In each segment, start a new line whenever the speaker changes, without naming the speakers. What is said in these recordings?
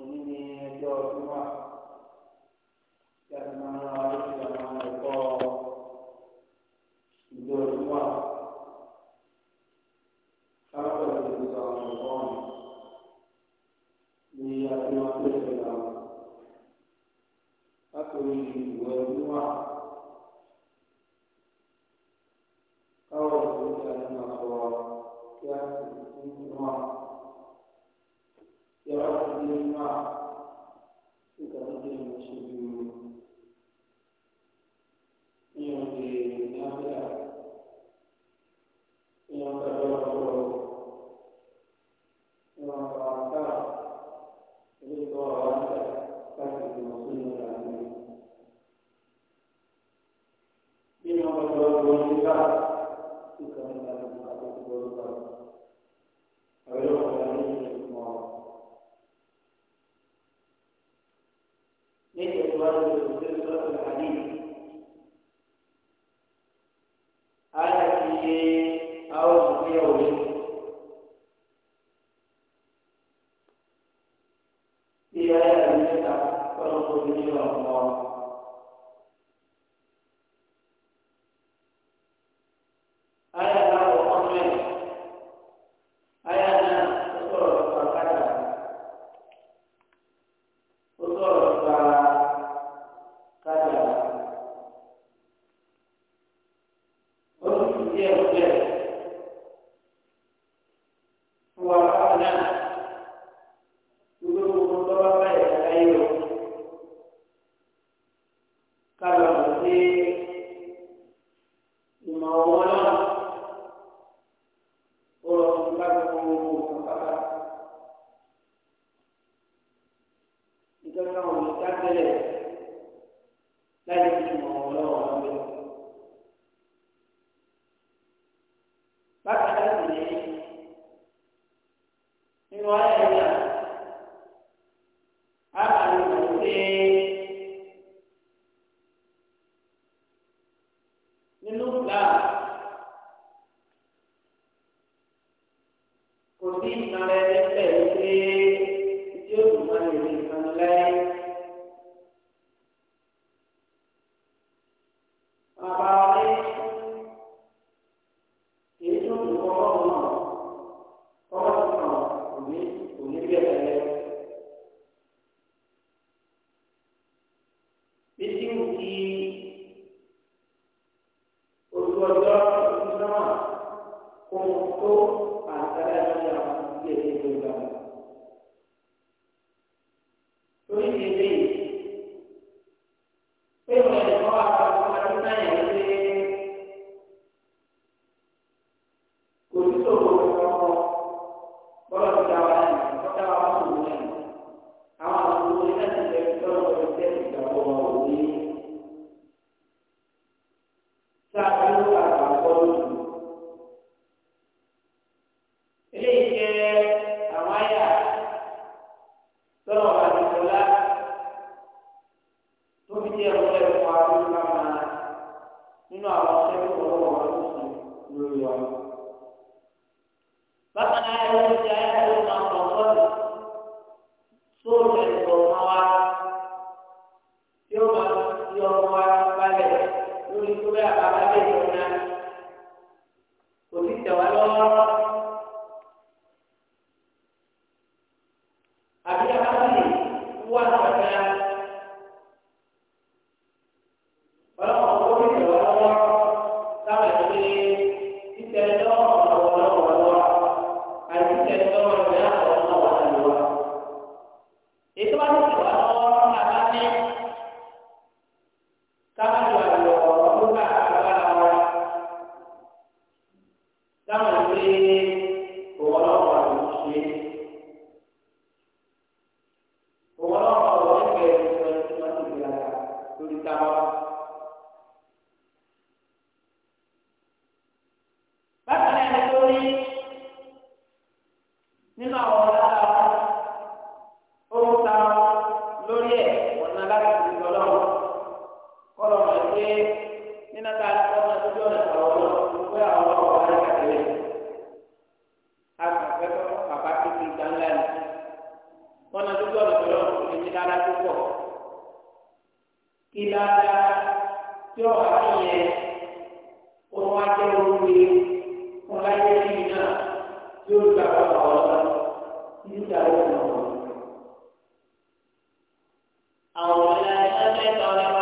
òní ni ẹjọ́ ọdún wa. Tidak ada yang bisa kalau tidak Allah. lọ wọ ara balẹ̀ lórí tó bẹ́ẹ̀ àbábẹ́ tí ọ̀rọ̀ àtúnyẹ òun wá jẹ́ olùgbé wọn láyé lẹ́yìn náà tí ó gbà wọ́n lọ́wọ́ lọ́wọ́ nígbà wọ́n àwọn ọ̀la ẹ̀ka mẹ́ta ọ̀la wa.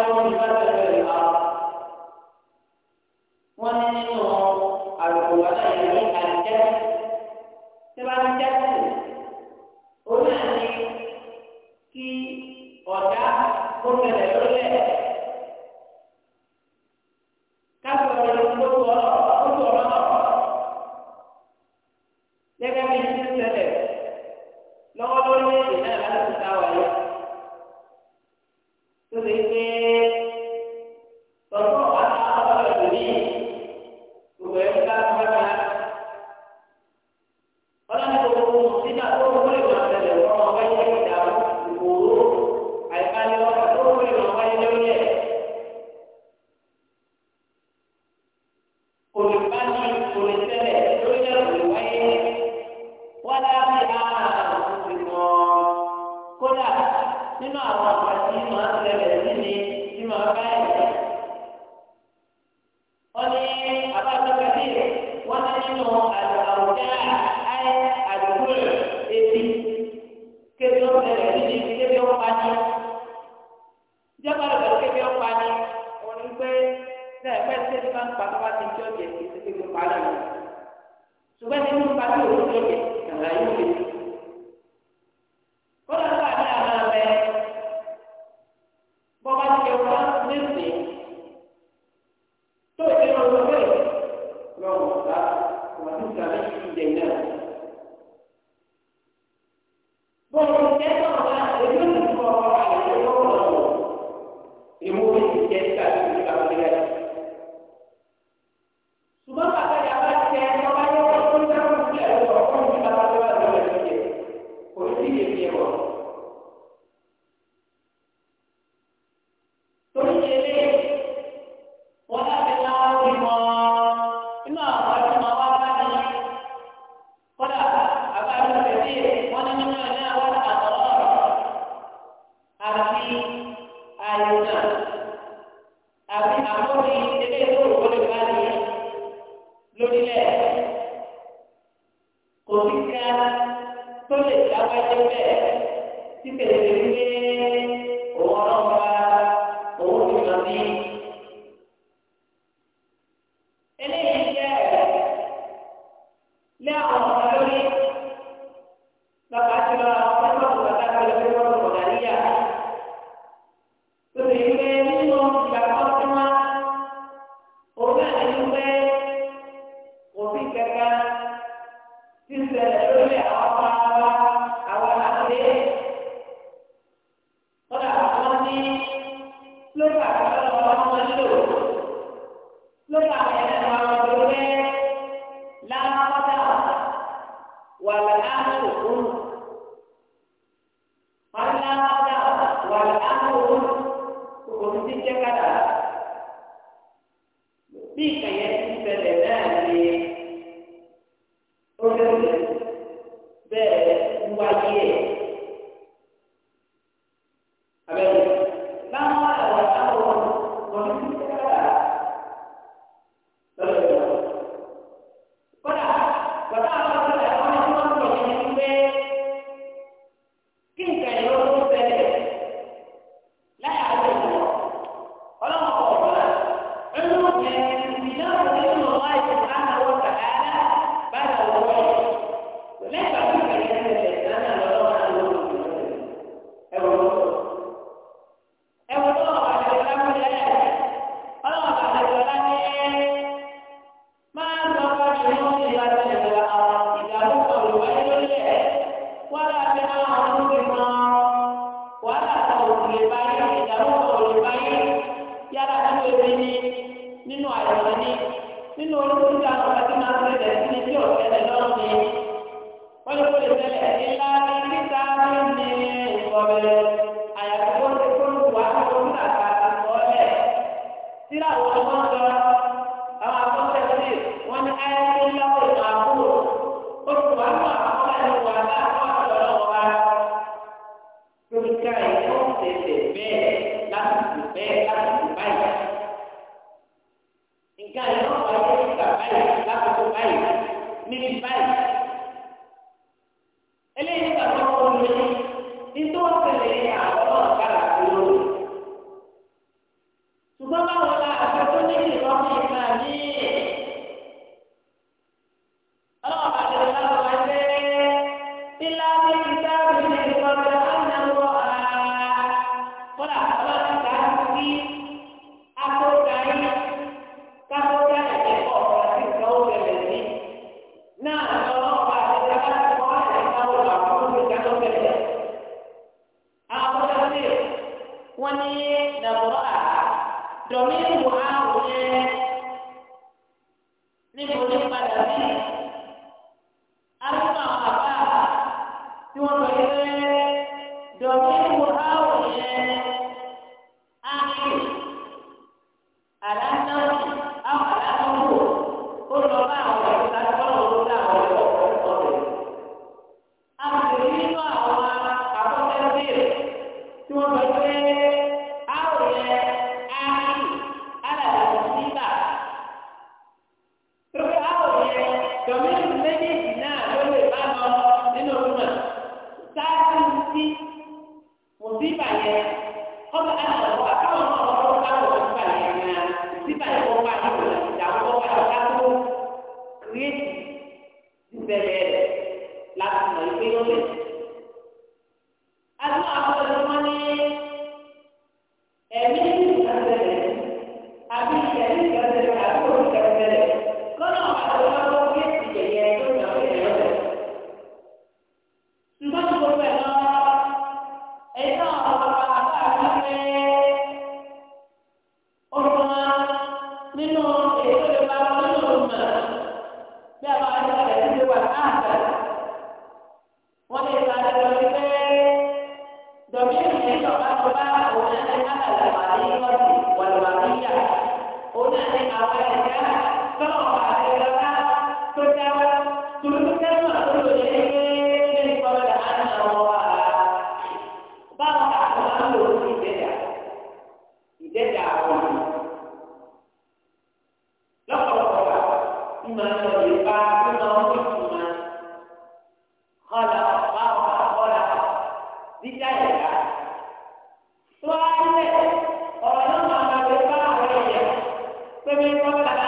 ومن الأرض bẹ̀rẹ̀. síbà ìwọ wà lóko ìdáwọ́ wà lóko tó kírètì ìbẹ̀rẹ̀ rẹ̀ láti mọ̀ ìpínlẹ̀ Tẹ́lẹ̀ kọ́ bàbá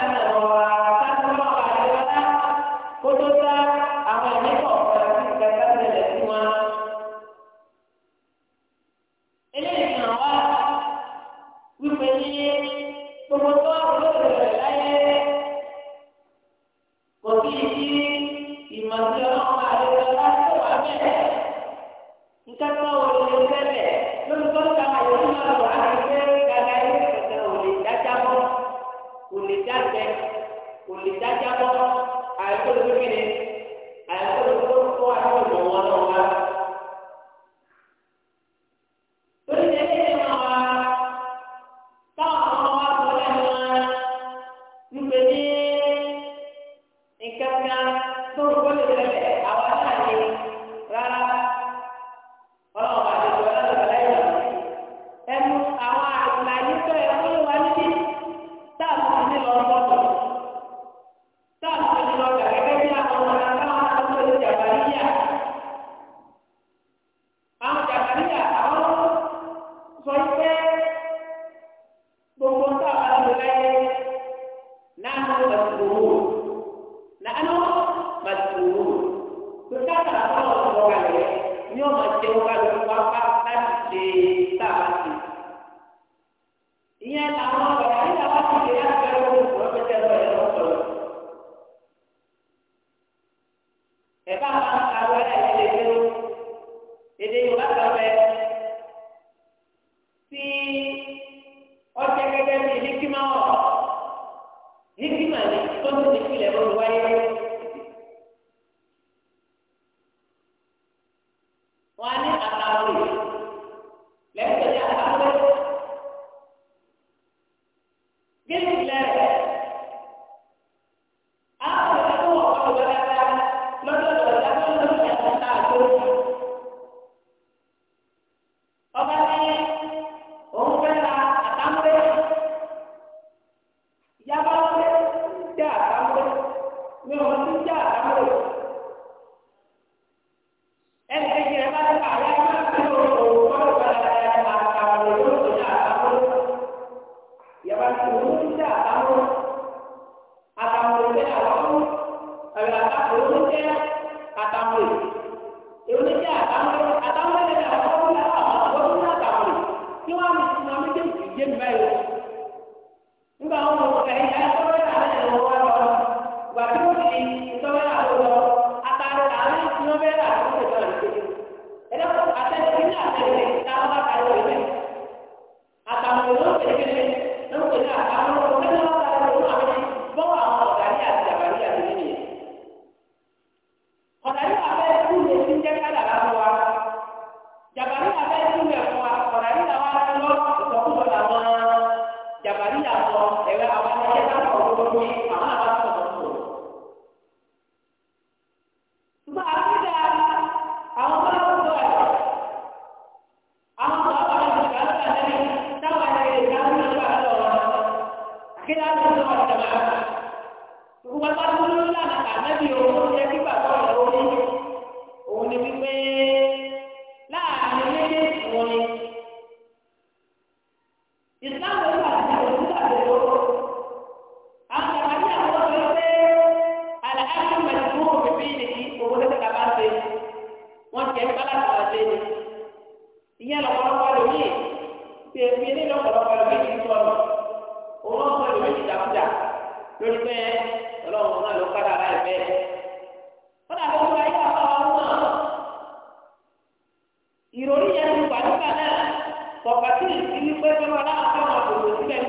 kálàkàlà ṣe ni ìyẹn lọ́pọ̀lọpọ̀ lómi ti èmi ní lọ́pọ̀lọpọ̀ lómi ti sọ̀rọ̀ òun náà sọ̀rọ̀ lómi ti dàkúdà lórí pé ọlọ́run náà ló kádà ara ẹ̀ bẹ́ẹ̀. wọ́n dàbí wọ́n ayé wà fáwọn ọmọ náà ìròyìn yẹn ti wà nígbà náà kọ̀ọ̀kàtì ìdílé pé kí wọ́n láwọn fẹ́ràn òdòdó tẹ̀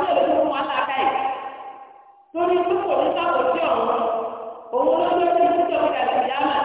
ní èdè fún wọn láàká yìí torí pé kò ní sábò sí ọ̀run òun ló ló ti ń sọ̀rọ̀ ìdàgbàsí yá náà.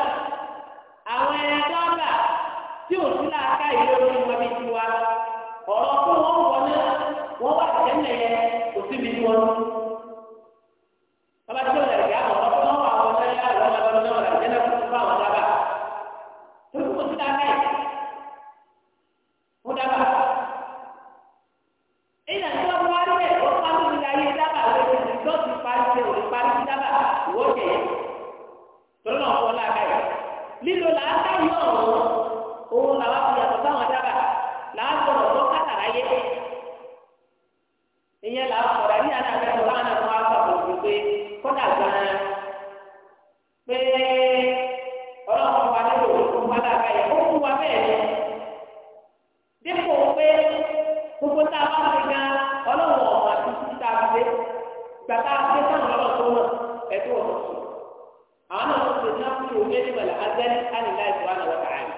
azẹ́lì alìlá ìsúwánà wọ́n kà á yìí.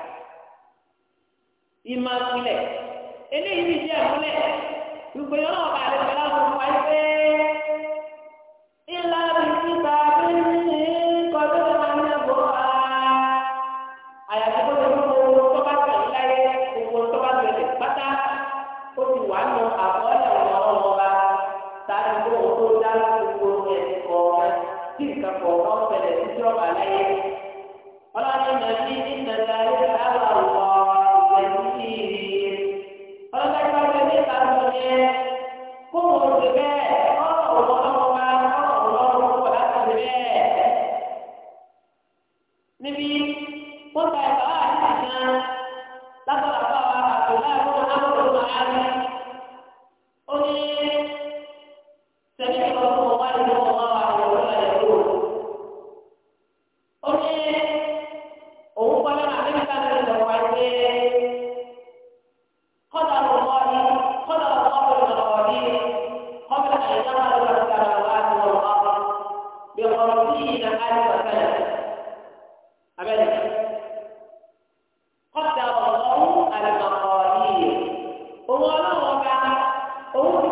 ìmọ̀ àkúlẹ̀ eléyìí ti jẹ́ àkúlẹ̀ gbogbo yọ̀ọ́ náà bá àlejò aláwọ̀ fún wa yìí pé.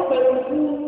akwai wasu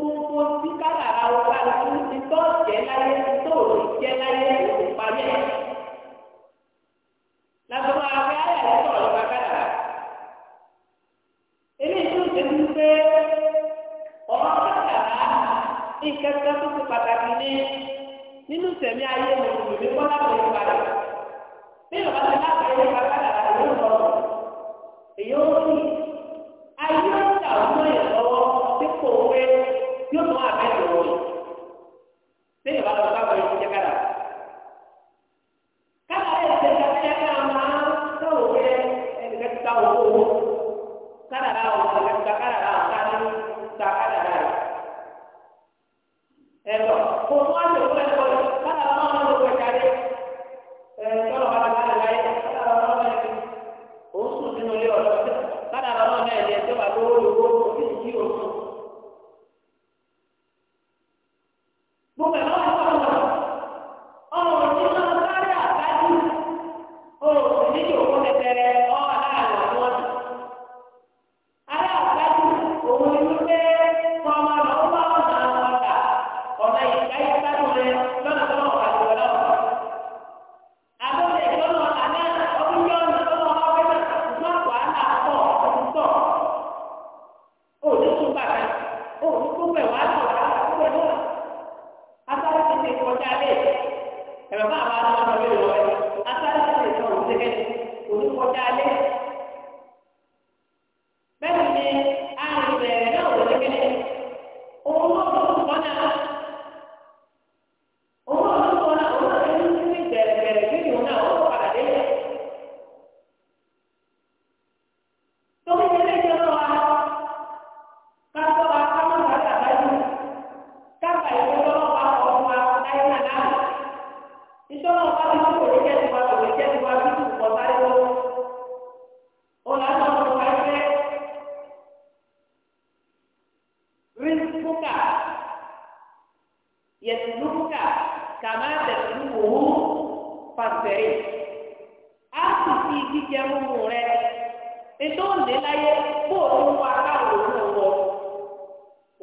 láyé kó o tún wá káàró náà wọ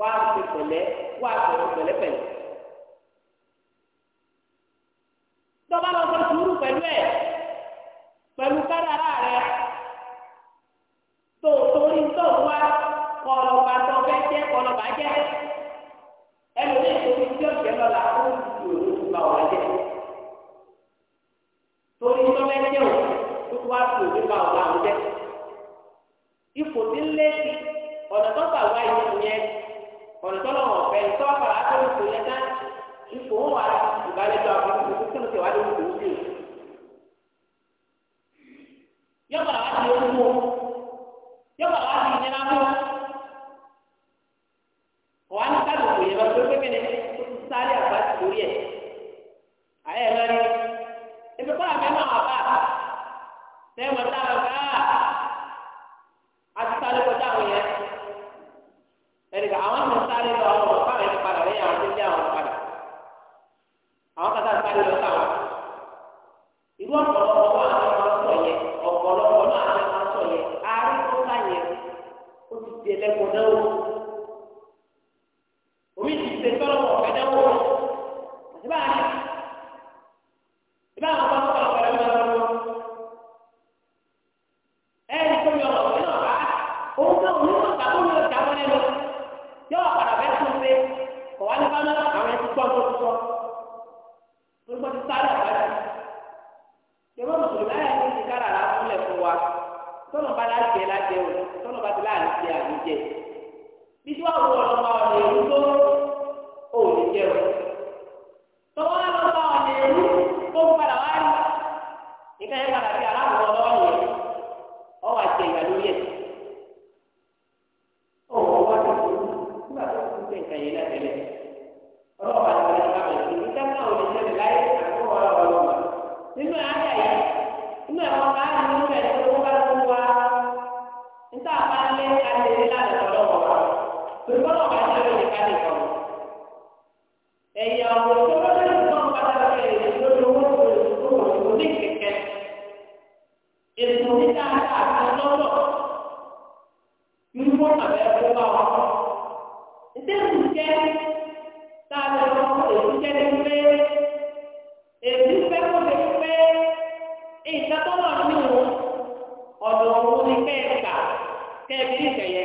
wá pẹ̀lẹ́ wá pẹ̀lẹ́ pẹ̀lẹ́. kò sí ń lé sí ọ̀nà tó gbà wá ìyẹn yẹn ọ̀nà tó lọ́wọ́ ọ̀fẹ́ tó wà fara tó lóko yẹn náà ipò ń wà ìbálẹ́jọ́ àbúrò kò kúkú lókè wá lóko òkè. yọ̀bà wá ti ó mú yọ̀bà ele ẹlẹ́kọ̀ọ́ é náà ìgbà tó wà nínú ọ̀dọ̀ òun ni kẹ́ẹ̀ka kẹ́ẹ̀bí ìkẹyẹ.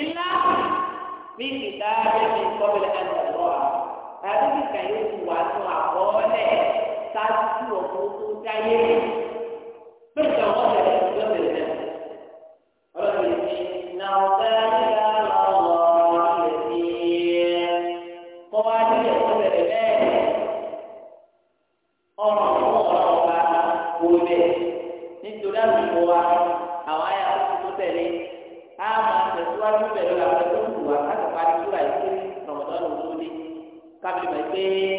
ilá bí kìtà bẹ́ẹ̀ ní kọ́bílẹ̀ ẹ̀ńtọ́ àti kíkà yóò ti wà tún àkọọ́lẹ̀ sáájú ọ̀pọ̀ tó dáyé bẹ́ẹ̀ ni àwọn ọ̀rẹ́ rẹ̀ ti lọ́bẹ̀rẹ̀ náà ọ̀rọ̀ rẹ̀ ti náà bẹ́ẹ̀. kábílì máa gbé